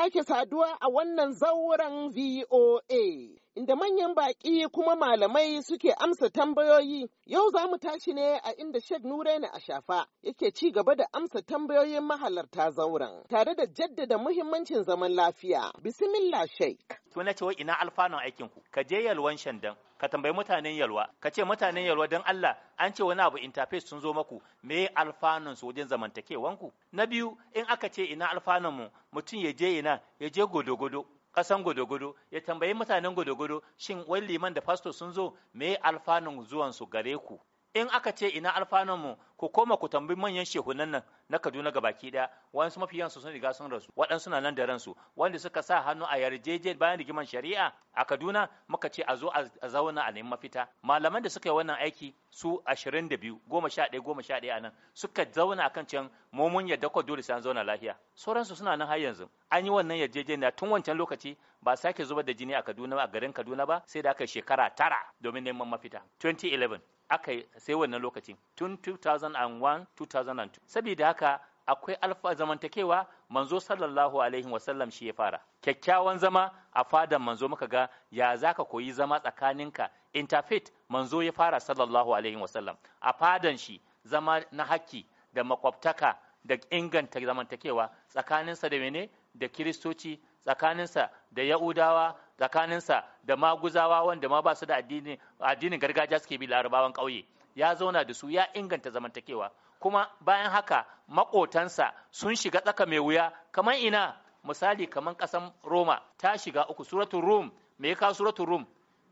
sake saduwa a wannan zauren VOA. inda manyan baƙi kuma malamai suke amsa tambayoyi. Yau za mu tashi ne a inda Sheikh Nuraini shafa yake ci gaba da amsa tambayoyin mahalarta zauren tare da jaddada muhimmancin zaman lafiya. Bismillah Sheikh. To na ce wa ina alfanun aikinku? ku? Ka je yalwan shandan, ka tambayi mutanen yalwa, ka ce mutanen yalwa don Allah an ce wani abu interface sun zo maku me alfanun su wajen zamantakewanku? Na biyu in aka ce ina alfanun mu mutum ya je ina ya je godo-godo kasan gudugudu ya tambayi mutanen gudugudu shin wai liman da fasto sun zo me alfanun zuwansu gare ku in aka ce ina alfanunmu ku koma ku tambayi manyan shehunan nan na Kaduna ga baki daya mafi yansu sun riga sun rasu waɗansu na nan da ransu wanda suka sa hannu a yarjejen bayan rigiman shari'a a Kaduna muka ce a zo a zauna a neman mafita malaman da suka yi wannan aiki su 22 goma sha ɗaya goma sha ɗaya a nan suka zauna akan can mu mun yadda ko dole sai an zauna lafiya sauransu suna nan har yanzu an yi wannan na tun wancan lokaci ba sake zubar da jini a Kaduna a garin Kaduna ba sai da aka shekara tara domin neman mafita 2011 aka sai wannan lokacin tun 2001 2002 saboda haka akwai alfa zamantakewa manzo sallallahu alaihi wasallam shi ya fara kyakkyawan zama a fadan manzo muka ga ya zaka koyi zama tsakaninka interfaith manzo ya fara sallallahu alaihi wasallam a fadan shi zama na haƙƙi da makwabtaka da inganta zamantakewa tsakaninsa da mene da kiristoci tsakaninsa da yahudawa tsakaninsa da maguzawa wanda ma ba su da addinin gargajiya suke bi larabawan ƙauye ya zauna da su ya inganta zamantakewa kuma bayan haka makotansa sun shiga tsaka mai wuya kamar ina misali kamar ƙasan roma ta shiga uku suratun rum me ya kawo suratun rum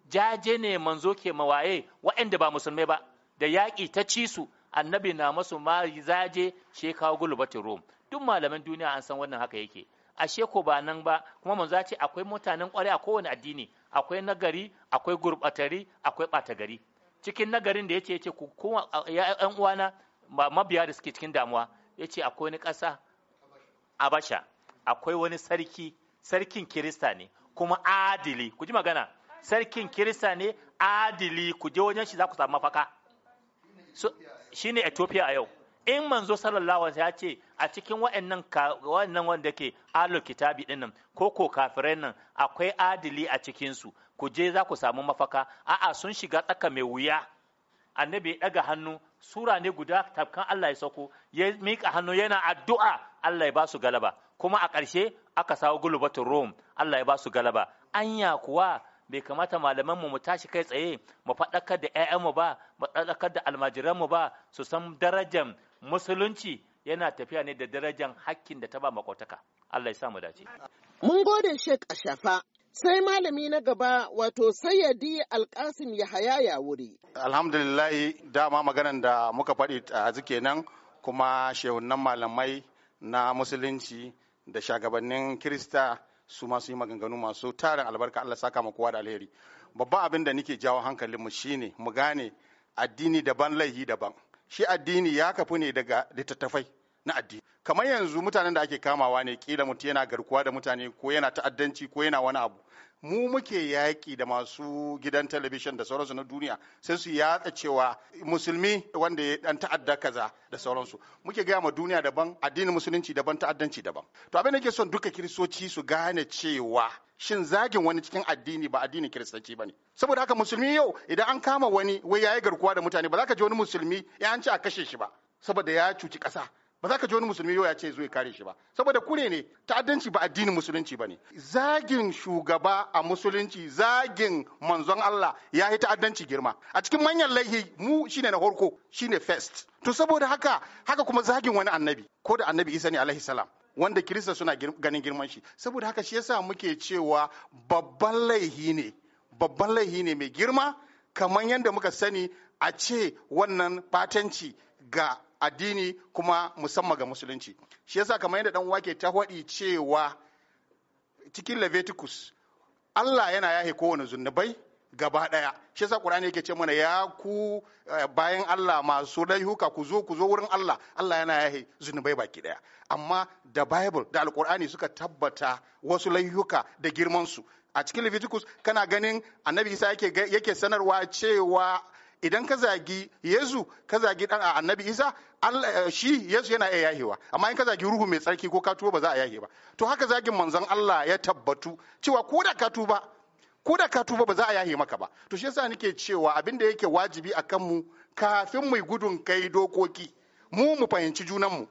jaje ne manzo ke mawaye waɗanda ba musulmai ba da yaƙi ta ci su annabi na masu ma zaje shekawo gulubatin rum duk malaman duniya an san wannan haka yake ashe ko ba nan ba kuma mun ya akwai mutanen kwarai a kowane addini akwai nagari akwai gurbatari akwai bata gari cikin nagarin da yace yace ku kowa ƴan uwana mabiya da suke cikin damuwa yace akwai wani ƙasa Abasha akwai wani sarki sarkin Kirista ne kuma adili ku ji magana sarkin Kirista ne adili ku je wajen shi za ku samu mafaka shine Ethiopia a yau in manzo sallallahu alaihi ya ce a cikin wa'annan wannan wanda ke alo kitabi din ko ko kafirai nan akwai adili a cikin su ku je za ku samu mafaka a'a sun shiga tsaka mai wuya annabi ya daga hannu sura ne guda tafkan Allah ya sako ya mika hannu yana addu'a Allah ya ba su galaba kuma a ƙarshe aka sawo gulubatun Rome Allah ya ba su galaba anya kuwa bai kamata malamanmu mu tashi kai tsaye mu faɗakar da 'ya'yanmu ba mu faɗakar da almajiranmu ba su san darajar musulunci yana tafiya ne da darajar hakkin da ta ba makotaka Allah ya sa mu dace mun gode a shafa sai malami na gaba wato sayyadi alkasim yahaya ya wuri alhamdulillahi dama maganan da muka faɗi a nan, kuma shehunan malamai na musulunci da shagabannin kirista su masu yi maganganu masu tarin albarka allah saka mu kowa da alheri babban abin da nake jawo hankalinmu shine mu gane addini daban laihi daban shi addini ya kafu ne daga littattafai na addini kamar yanzu mutanen da ake kamawa ne kila mutum yana garkuwa da mutane ko yana ta'addanci ko yana wani abu mu muke yaƙi da masu gidan talabijin da sauransu na duniya sai su yatsa cewa musulmi wanda ya dan ta'adda kaza da sauransu muke gaya ma duniya daban addinin musulunci daban ta'addanci daban to abin da ke son duka kiristoci su gane cewa shin zagin wani cikin addini ba addinin kiristanci ba ne saboda haka musulmi yau idan an kama wani wai yayi garkuwa da mutane ba za ka ji wani musulmi ya an ci a kashe shi ba saboda ya cuci ƙasa ba za ka ji wani musulmi yau ya ce zai kare shi ba saboda kure ne ta'addanci ba addinin musulunci ba ne zagin shugaba a musulunci zagin manzon Allah ya yi ta'addanci girma a cikin manyan laihi mu shine na horko shine first to saboda haka haka kuma zagin wani annabi ko da annabi Isa ne alaihi salam wanda kirista suna ganin girman shi saboda haka shi yasa muke cewa babban laihi ne babban laihi ne mai girma kamar yadda muka sani a ce wannan batanci ga addini kuma musamman ga musulunci shi yasa kamar yadda dan wake ta hwadi cewa cikin Leviticus Allah yana yahe kowane zunubai gaba ɗaya shi yasa Qur'ani yake ce mana ya ku eh, bayan Allah masu laihuka ku zo ku zo wurin Allah Allah yana yahe zunubai baki ɗaya amma da Bible da Alƙur'ani suka tabbata wasu laihuka da girman su a cikin Leviticus kana ganin Annabi Isa yake sanarwa cewa idan ka zagi yesu ka zagi dan annabi isa eh, shi yesu yana iya yahewa amma in ka zagi ruhu mai tsarki ko ka tuba ba za a yahe ba to haka zagin manzon Allah ya tabbatu cewa ko da ka tuba ko da ka tuba ba za a yahe maka ba to shi yasa nake cewa abin da yake wajibi akan mu kafin mu gudun kai dokoki mu mu fahimci junan mu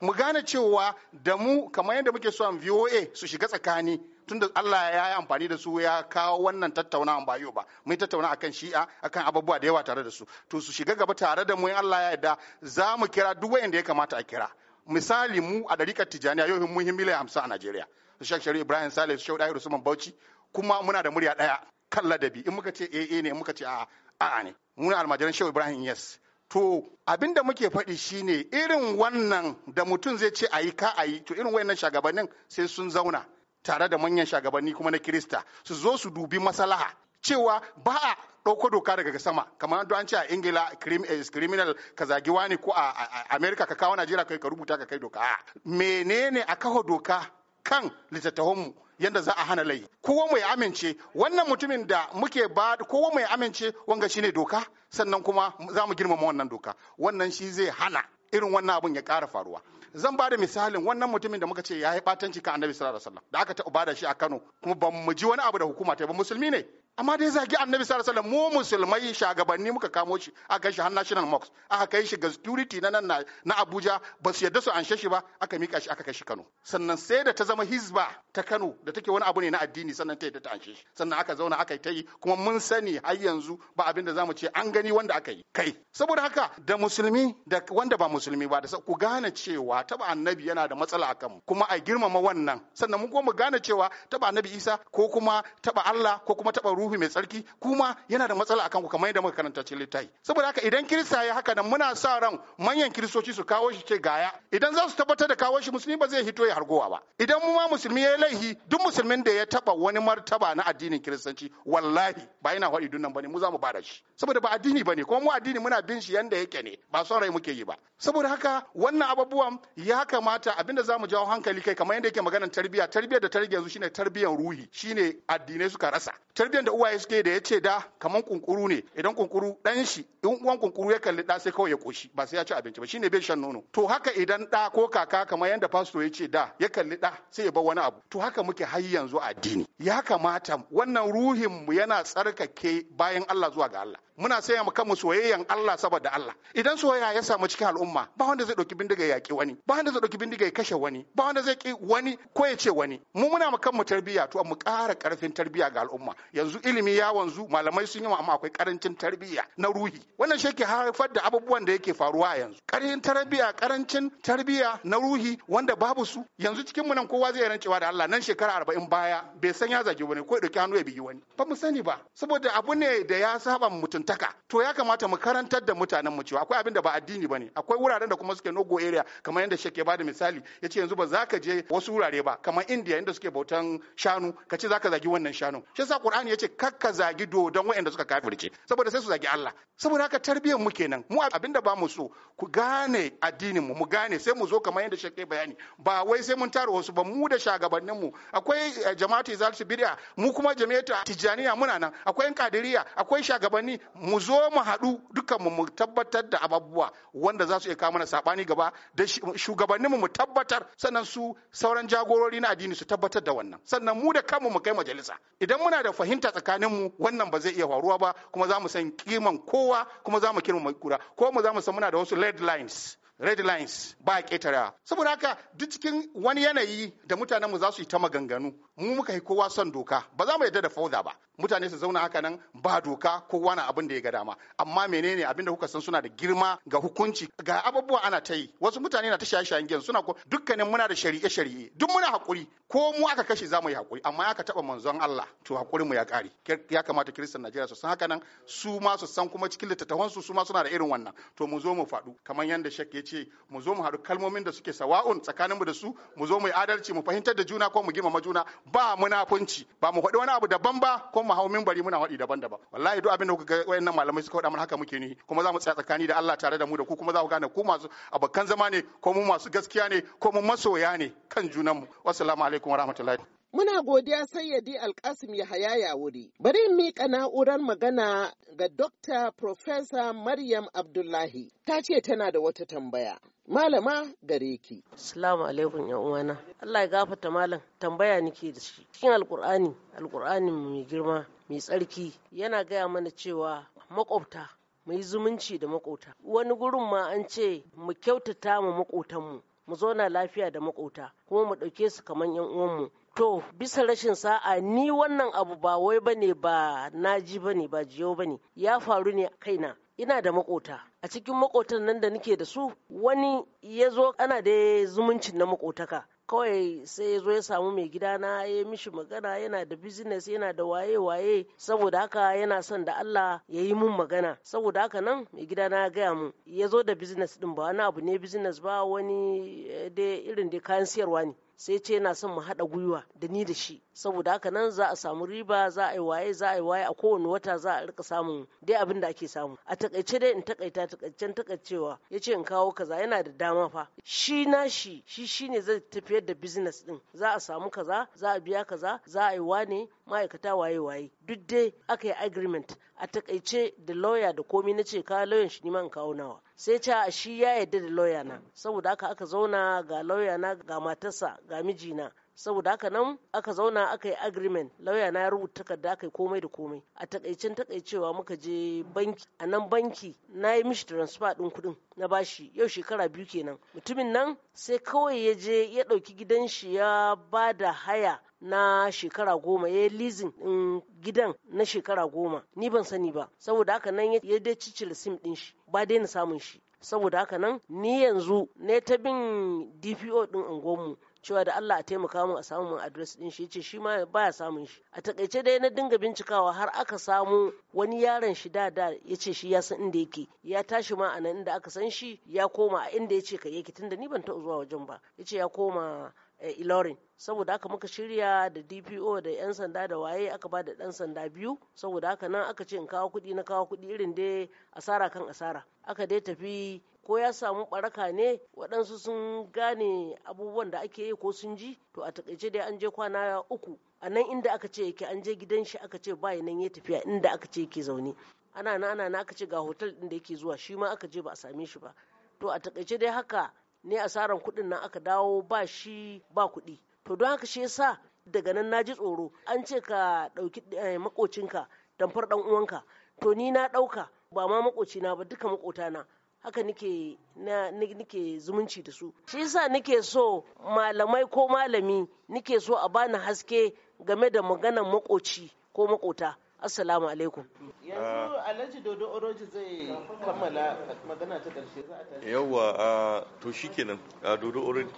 mu gane cewa da mu kamar yadda muke so VOA su shiga tsakani tunda Allah ya yi amfani da su ya kawo wannan tattaunawa ba yau ba mun tattauna akan shi'a akan abubuwa da yawa tare da su to su shiga gaba tare da mu in Allah ya yarda za mu kira duk wanda ya kamata a kira misali mu a ɗarikar Tijjaniya yau mun yi miliyan hamsin a Najeriya su Sheikh Ibrahim Saleh su Shehu Dahiru Usman Bauchi kuma muna da murya ɗaya kan ladabi in muka ce eh ne in muka ce A a'a ne muna almajiran Shehu Ibrahim yes To abin da muke faɗi shine irin wannan da mutum zai ce a yi ka a yi to irin wayannan shagabannin sai sun zauna tare da manyan shagabanni kuma na Kirista su zo su dubi masalaha cewa ba a ɗauko doka daga sama kamar an ce a ingila eh, criminal ka zagi wani ko a america ka kawo najeriya kai ka rubuta ka kai doka menene a kawo doka kan littattafanmu yadda za a hana layi kowa mai amince wannan mutumin da muke ba kowa mai amince wanga shi ne doka sannan kuma za mu girmama wannan doka wannan shi zai hana irin wannan abun ya ƙara faruwa zan ba da misalin wannan mutumin da muka ce ya yi batanci kan annabi sallallahu alaihi wasallam da aka taɓa bada shi a Kano kuma ban mu ji wani abu da hukuma ta ba musulmi ne amma dai zagi annabi sallallahu alaihi wasallam mu musulmai shagabanni muka kamo shi aka kai shi har national mosque aka kai shi ga security na nan na Abuja ba su yadda su anshe shi ba aka mika shi aka kai shi Kano sannan sai da ta zama hizba ta Kano da take wani abu ne na addini sannan ta yadda ta anshe shi sannan aka zauna aka yi ta yi kuma mun sani har yanzu ba abin da zamu ce an gani wanda aka yi kai saboda haka da musulmi da wanda ba musulmi ba da ku gane cewa ba annabi yana da matsala akan mu kuma a girmama wannan sannan mun kuma mu gane cewa ba annabi Isa ko kuma ba Allah ko kuma ta ruhu ruhu mai tsarki kuma yana da matsala akan ku kamar yadda muka karanta cikin littafi saboda haka idan kirista ya haka nan muna sa ran manyan kiristoci su kawo shi ce gaya idan za su tabbatar da kawo shi musulmi ba zai hito ya hargowa ba idan mu ma musulmi ya laihi duk musulmin da ya taba wani martaba na addinin kiristanci wallahi ba yana faɗi dunnan bane mu za mu bada shi saboda ba addini bane kuma mu addini muna bin shi yanda yake ne ba son rai muke yi ba saboda haka wannan abubuwan ya kamata abinda za mu jawo hankali kai kamar yadda yake maganar tarbiyya tarbiyyar da ta rage yanzu shine tarbiyyar ruhi shine addinai suka rasa tarbiyyar da suke da ya ce da kamar kunkuru ne idan kunkuru dan shi in uwan kunkuru ya kalli da sai kawai ya koshi ba sai ya ci abinci ba shine bai shan nono to haka idan da ko kaka kamar yanda pastor ya ce da ya kalli da sai ya bar wani abu to haka muke har yanzu addini ya kamata wannan ruhin mu yana tsarkake bayan Allah zuwa ga Allah muna saya mu kanmu soyayyan Allah saboda Allah idan soyayya ya samu cikin al'umma ba wanda zai dauki bindiga ya yaki wani ba wanda zai dauki bindiga ya kashe wani ba wanda zai ki wani ko ya ce wani mu muna mu kanmu tarbiyya to mu ƙara karfin tarbiyya ga al'umma yanzu ilimi ya wanzu malamai sun yi amma akwai karancin tarbiyya na ruhi wannan shi ke haifar da abubuwan da yake faruwa yanzu karancin tarbiyya karancin tarbiyya na ruhi wanda babu su yanzu cikin mu nan kowa zai rancewa da Allah nan shekara arba'in baya bai san ya zagi wani ko ya dauki hannu ya bigi wani ba mu sani ba saboda abu ne da ya saba mutum mutuntaka to ya kamata mu karantar da mutanen mu cewa akwai abin da ba addini bane akwai wuraren da kuma suke nogo area kamar yadda shake bada misali yace yanzu ba za ka je wasu wurare ba kamar India inda suke bautan shanu ka ce za ka zagi wannan shanu shi yasa Qur'ani yace kar ka zagi dodon waɗanda suka kafirce saboda sai su zagi Allah saboda haka tarbiyyar mu kenan mu abin da ba mu so ku gane addinin mu mu gane sai mu zo kamar yadda shake bayani ba wai sai mun tara wasu ba mu da shagabannin mu akwai eh, jama'atu izalci bidiya mu kuma jami'atu tijaniya muna nan akwai yan kadiriya akwai shagabanni mu zo mu haɗu dukanmu mu tabbatar da abubuwa wanda za su iya kawo mana saɓani gaba da shugabanninmu mu tabbatar sannan su sauran jagorori na addini su tabbatar da wannan sannan mu da kanmu mu kai majalisa idan muna da fahimta tsakaninmu wannan ba zai iya faruwa ba kuma za mu san kiman kowa kuma za mu kirma kura ko za mu san muna da wasu red lines red lines ba ƙetarewa saboda haka duk cikin wani yanayi da mutanenmu za su yi ta maganganu mu muka yi kowa son doka ba za mu yarda da fauda ba mutane su zauna haka nan ba doka ko wani abin da ya ga dama amma menene abin da kuka san suna da girma ga hukunci ga abubuwa ana ta yi wasu mutane na ta shaye-shayen gen suna ko dukkanin muna da shari'e-shari'e duk muna hakuri ko mu aka kashe za mu yi hakuri amma aka taba manzon Allah to hakurin mu ya kare ya kamata kiristan Najeriya su san haka nan su ma su san kuma cikin littattafan su ma suna da irin wannan to mu zo mu faɗu kamar yanda shakke ce mu zo mu haɗu kalmomin da suke sawa'un tsakaninmu da su mu zo mu yi adalci mu fahimtar da juna ko mu girmama juna ba munafunci ba mu faɗi wani abu daban ba ko mu hau bari muna faɗi daban daban wallahi duk abin da kuka ga wayannan malamai suka faɗa mana haka muke ni kuma za mu tsaya tsakani da Allah tare da mu da ku kuma za ku gane ku masu abokan zama ne ko mu masu gaskiya ne ko mu masoya ne kan junanmu wassalamu alaikum warahmatullahi Muna godiya sayyadi Alkasim Yahaya wuri. Bari in miƙa na'urar magana ga Dr. Professor Maryam Abdullahi. Ta ce tana da wata tambaya. Malama gare ki. Assalamu alaikum ya uwana. Allah ya gafata malam. Tambaya nake da shi. Cikin Alƙur'ani, Alƙur'ani mai girma, mai tsarki yana gaya mana cewa maƙwabta muyi zumunci da makota Wani gurin ma an ce mu kyautata ma maƙotanmu. mu zauna lafiya da makota kuma mu ɗauke su kamar yan uwanmu to bisa rashin sa'a ni wannan abu ba wai bane ba naji bane ba jiyo bane ya faru ne kaina ina da makota a cikin makotan nan da nake da su wani ya zo ana da zumuncin na makotaka kawai sai ya zo ya samu mai gida na ya mishi magana yana da business yana da waye waye saboda haka yana son da Allah ya yi mun magana saboda haka nan mai gida na ya gaya mu ya zo da business din ba wani abu ne business ba wani eh, dai irin dai kayan siyarwa ne sai ce yana son mu haɗa gwiwa da ni da shi saboda haka nan za a samu riba za a yi waye za a yi waye a kowane wata za a rika samun dai abin da ake samu a takaice dai in takaita takaicen takaicewa ya ce in kawo kaza yana da dama fa shi na shi shi shi ne zai tafiyar da business din za a samu kaza za a biya kaza za a yi wane ma'aikata waye waye duk dai aka yi agreement a takaice da lauya da komi na ce ka lauyan shi nima in kawo nawa sai ce a shi ya yarda da lauya na saboda haka aka zauna ga lauya na ga matarsa ga mijina saboda haka nan aka zauna aka yi agreement lauya na ya rubuta takarda aka yi komai da komai a takaicen takaicewa muka je banki a nan banki na yi mishi transfer din kudin na bashi yau shekara biyu kenan mutumin nan sai kawai ya je ya ɗauki gidan shi ya ba da haya na shekara goma ya yi leasing ɗin gidan na shekara goma ni ban sani ba saboda haka nan ya dai cicire sim din shi ba daina samun shi saboda haka nan ni yanzu ne ta bin dpo din unguwarmu cewa da Allah a taimaka mu a samu mun address din shi yace shi ma baya samun shi a takaice dai na dinga bincikawa har aka samu wani yaron shi da da yace shi ya san inda yake ya tashi ma a nan inda aka san shi ya koma a inda yace kai yake tunda ni ban taɓa zuwa wajen ba yace ya koma eh, Ilorin saboda haka muka shirya da DPO da 'yan sanda da waye aka ba da ɗan sanda biyu saboda haka nan aka ce in kawo kuɗi na kawo kuɗi irin dai asara kan asara aka dai tafi ko ya samu baraka ne waɗansu sun gane abubuwan da ake yi ko sun ji to a takaice dai an je kwana uku a nan inda aka ce yake an je gidan shi aka ce bayi nan ya tafiya inda aka ce yake zaune ana na ana na aka ce ga hotel ɗin da yake zuwa shi ma aka je ba a same shi ba to a takaice dai haka ne asaran kuɗin nan aka dawo ba shi ba kuɗi to don haka shi yasa daga nan na ji tsoro an ce ka ɗauki eh, makocinka tamfar ɗan uwanka to ni na ɗauka ba ma makocina ba duka makotana haka nike na nike zumunci da su shi yasa nike so malamai ko malami nike so a bani haske game da maganan makoci ko makota assalamu alaikum yanzu alhaji dodo oroji zai kammala magana ta ƙarshe za a tashi Yawwa to kenan dodo oroji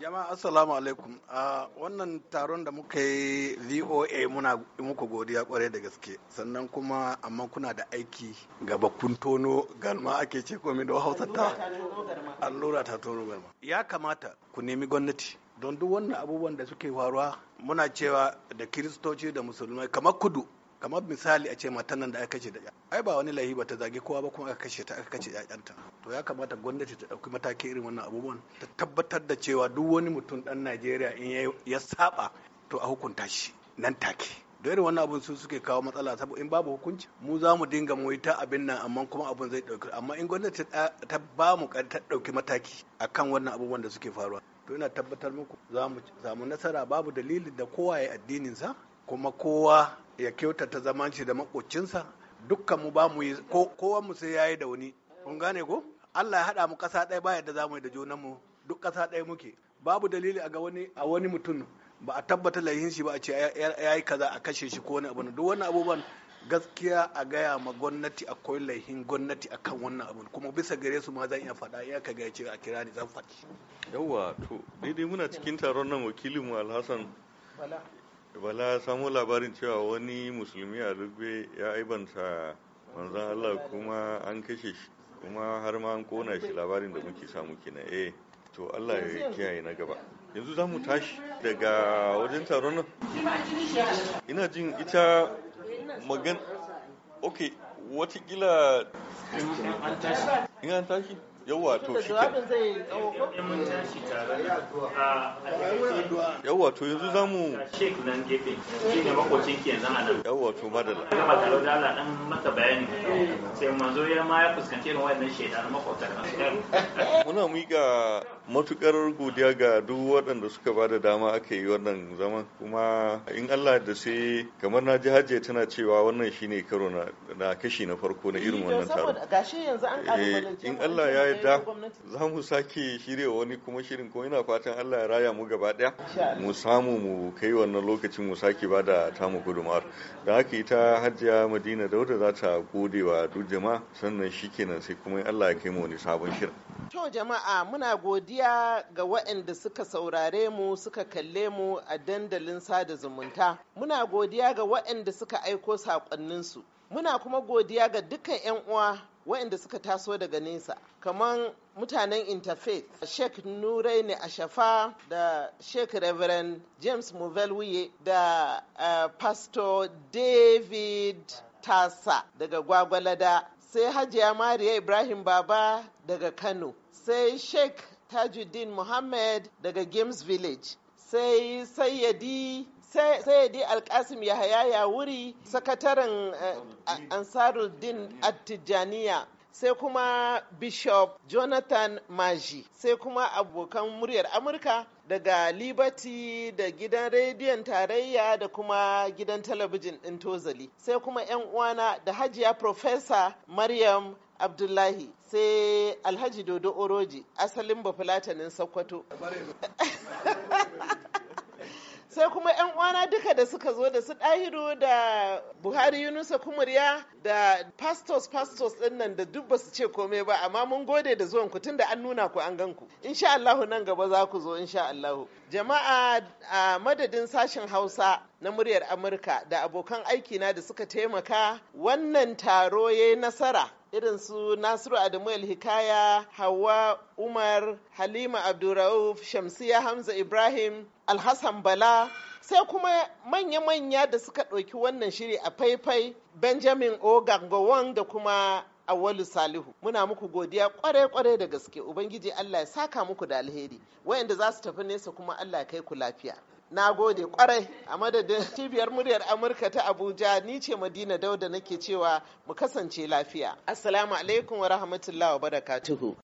jama'a assalamu alaikum wannan taron da muka yi voa muna muku godiya kwarai da gaske sannan kuma amma kuna da aiki gaba kun tono galma ake ce komai da hausa ta allura ta tono galma ya kamata ku nemi gwamnati don duk wannan abubuwan da suke faruwa muna cewa da kiristoci da musulmai kamar kudu kamar misali a ce matan nan da aka kashe da ai ba wani lahi ba ta zage kowa ba kuma aka kashe ta aka kashe ƴaƴanta to ya kamata gwamnati ta ɗauki mataki irin wannan abubuwan ta tabbatar da cewa duk wani mutum ɗan Najeriya in ya saba to a hukunta shi nan take da irin wannan abun su suke kawo matsala saboda in babu hukunci mu za mu dinga mu ta abin nan amma kuma abun zai ɗauki amma in gwamnati ta ba mu ta ɗauki mataki akan wannan abubuwan da suke faruwa to ina tabbatar muku za mu nasara babu dalilin da kowa ya addininsa kuma kowa ya kyautata zaman da makocinsa dukkan mu ba mu yi kowa mu sai yayi da wani kun gane ko Allah ya hada mu kasa ɗaya ba yadda za mu yi da junan mu duk kasa ɗaya muke babu dalili a ga wani a wani mutum ba a tabbata laihin shi ba a ce yayi kaza a kashe shi ko wani abu duk wannan abubuwan gaskiya a gaya ma gwamnati akwai laihin gwamnati akan wannan abu kuma bisa gare su ma zan iya faɗa iya ka gaya a kira ni zan faɗi yawwa to daidai muna cikin taron nan wakilin mu alhassan bala samu labarin cewa wani musulmi a rugbe ya aibanta wanzan allah kuma an kashe shi kuma har ma an kona shi labarin da muke samu kenan eh to allah ya kiyaye na gaba yanzu za mu tashi daga wajen taron nan ina jin ita magan ok watakila in an tashi yawa to shi yawa to yanzu za mu yawa to madala gama tare da Allah dan maka bayani sai manzo ya ma ya fuskanci irin wannan shaidan makwabta muna miƙa matukar godiya ga duk waɗanda suka ba da dama aka yi wannan zaman kuma in Allah da sai kamar na ji hajje tana cewa wannan shine karo na na kashi na farko na irin eh, wannan taron eh, in Allah ya yarda za mu sake shirya wani kuma shirin ko ina fatan Allah ya raya mu gaba daya mu samu mu kai wannan lokacin mu sake ba da tamu gudumar da haka ita hajjiya madina dauda za ta gode wa duk jama'a sannan shi kenan sai kuma Allah ya kai mu wani sabon shirin to jama'a muna godiya ga waɗanda suka saurare mu suka kalle mu a dandalin sada zumunta muna godiya ga waɗanda suka aiko saƙonninsu muna kuma godiya ga dukkan 'yan uwa waɗanda suka taso daga nesa kamar mutanen interfaith sheikh nuraini ashafa da sheikh reverend james muvelwiye da uh, pastor david tasa daga gwagwalada sai hajiya mariya ibrahim baba daga kano sai sheikh tajuddin Mohammed daga games village sai sayyadi sai dai alkasim ya haya wuri sakataren eh, ansaruddin attijaniya sai kuma bishop jonathan maji sai kuma abokan muryar amurka daga liberty da gidan rediyon tarayya da kuma gidan talabijin ɗin tozali sai kuma 'yan uwana da hajiya professor maryam abdullahi sai alhaji dodo oroji asalin bafulatanin sokoto sai kuma 'yan uwana duka da suka zo da su ɗahiru da buhari yunusa kumurya da pastors pastors ɗinnan nan da duk basu ce komai ba amma mun gode da zuwan ku tunda an nuna ku an gan ku insha Allah nan gaba za ku zo insha Allah jama'a a madadin sashen Hausa na muryar Amurka da abokan aikina da suka taimaka wannan taro yayi nasara irin su Nasiru Adamu Hikaya, Hawa Umar, Halima Abdurrauf, Shamsiya Hamza Ibrahim, Alhassan Bala, sai kuma manya-manya da suka ɗauki wannan shiri a faifai Benjamin Ogangowon da kuma Awalu Salihu. Muna muku godiya kwarai-kwarai da gaske, Ubangiji Allah ya saka muku da alheri, wayanda za su tafi nesa kuma Allah ya kai ku lafiya. na gode kwarai a madadin cibiyar muryar amurka ta abuja ni ce madina dauda nake cewa mu kasance lafiya assalamu alaikum wa rahmatullahi wa barakatuhu